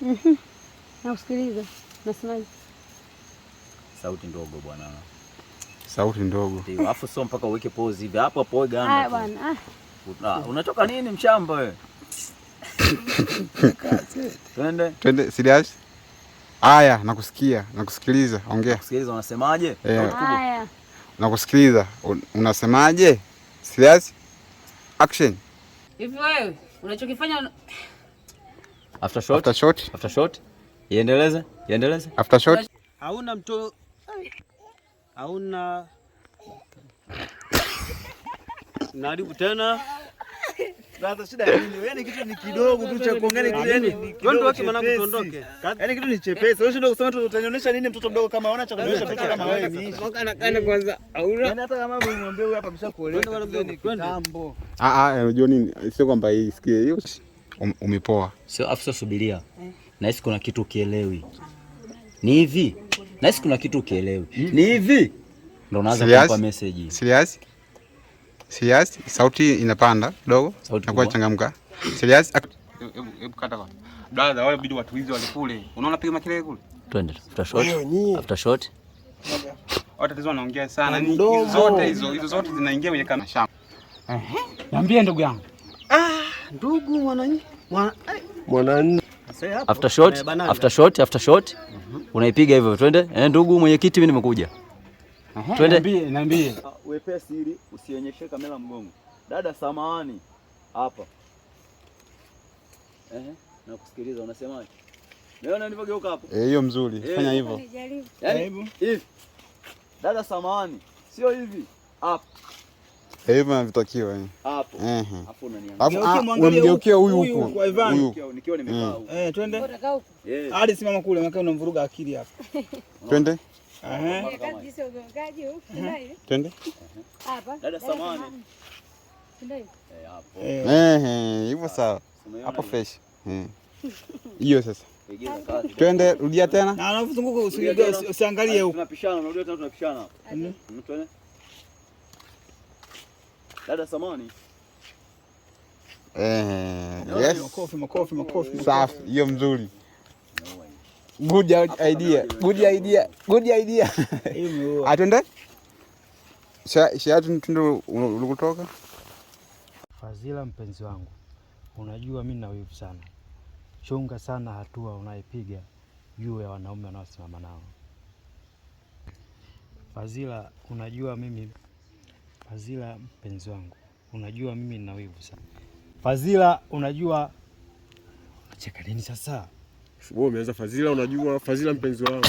Mhm. Nausikiliza nasemaje? Sauti ndogo bwana, sauti ndogo. Ndio, afu sio mpaka uweke pause hivi hapo hapo gani? Ah bwana. ah, Unatoka nini mshamba wewe? Twende twende, Sidash. Haya, nakusikia, nakusikiliza, ongea. Sikiliza unasemaje? Eh, Haya, nakusikiliza, unasemaje? Sidash, action. Hivi wewe unachokifanya After shot. After shot. After shot. Iendeleze. Iendeleze. After shot. Hauna mtu. Hauna. Naribu tena. Sasa shida ya nini? Yaani kitu ni kidogo tu cha ni yaani kitu yani. Ndio wake mwanangu tuondoke. Yaani kitu ni chepesi. Wewe ndio kusema utanionyesha nini mtoto mdogo kama hauna cha kuonyesha mtoto kama wewe ni. Yaani Mwaka kwanza. Hauna. Yaani hata kama umwambie huyu hapa ameshakuolewa. Kwenda kwenda. Ah ah, eh, unajua nini? Sio kwamba isikie hiyo. Um, umepoa. Sio afisa, subiria. Eh. Nahisi kuna kitu ukielewi. Ni hivi, nahisi kuna kitu ukielewi. Ni hivi, ndio unaanza kupa message. Serious? Serious? Sauti inapanda kidogo, inakuwa changamka. Serious? Hebu kata kwa. Dada, wale bidi watu hizi wale kule. Unaona piga makelele kule? Twende, after shot. After shot. Watu hizo wanaongea sana. Ni zote hizo, hizo zote zinaingia kwenye kama shamba. Eh. Niambie ndugu yangu. Ndugu mwananchi eh. mwananchi, after shot after shot after shot, mhm. unaipiga hivyo. Twende eh, ndugu mwenyekiti, mimi nimekuja. Twende niambie, niambie ah, wepesi, ili usionyeshe kamera mgongo. Dada samahani, hapa ehe, nakusikiliza. Unasemaje? Naona nilipogeuka hapo eh, hiyo mzuri, eh, fanya hivyo. Yaani hivi, dada samahani, sio hivi, hapa hivyo navitakiwa unamgeukia ah, huyu huku mm. eh, hadi simama kule, maana unamvuruga akili hapa. Twende. Eh, eh. Twende. Hivyo ah, sawa. Hapo fresh. Hiyo sasa. Twende, rudia tena. Na unazunguka usiangalie huko. Tunapishana, unarudi tena tunapishana. Mm, twende. Dada samani. Eh, yes. Makofi, makofi, makofi. Safi, hiyo mzuri. Good idea. Good idea. Good idea. Atende? Shatu ulikutoka? Fazila, mpenzi wangu, unajua mimi na wivu sana. Chunga sana hatua unayepiga juu ya wanaume wanaosimama nao. Fazila, unajua mimi Fazila mpenzi wangu, unajua mimi nina wivu sana. Fazila unajua, nacheka nini sasa? Wewe umeanza Fazila unajua, Fazila mpenzi wangu.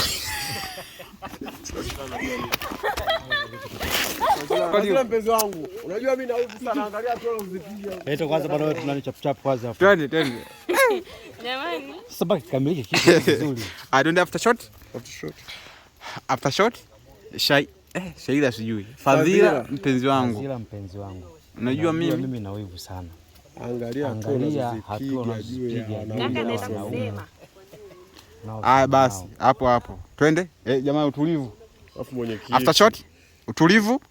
Fazila mpenzi wangu, unajua mimi nina wivu sana, angalia tu unazipiga. Eto kwanza bado tunani chap chap kwanza. Twende twende. Jamani. Sasa baki kamilike kitu kizuri. I don't after shot. After shot. After shot. Shai. Eh, Shaida sijui. Fadhila mpenzi wangu. Fadhila mpenzi wangu. Unajua mimi mimi na wivu sana. Angalia angalia hatua unazopiga. Kaka naweza Ah, basi, hapo hapo. Twende. Eh, jamaa utulivu. Alafu mwenyekiti. After shot. Utulivu.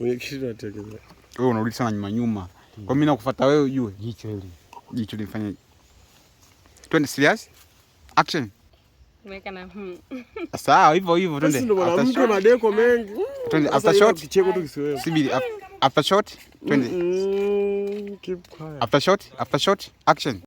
Mwenyekiti anatekeleza. Wewe unarudi sana nyuma nyuma. Kwa mimi nakufuata wewe ujue. Jicho hili. Jicho lifanye. Twende serious. Action. Weka na hmm. Sawa hivyo hivyo twende. after shot, action.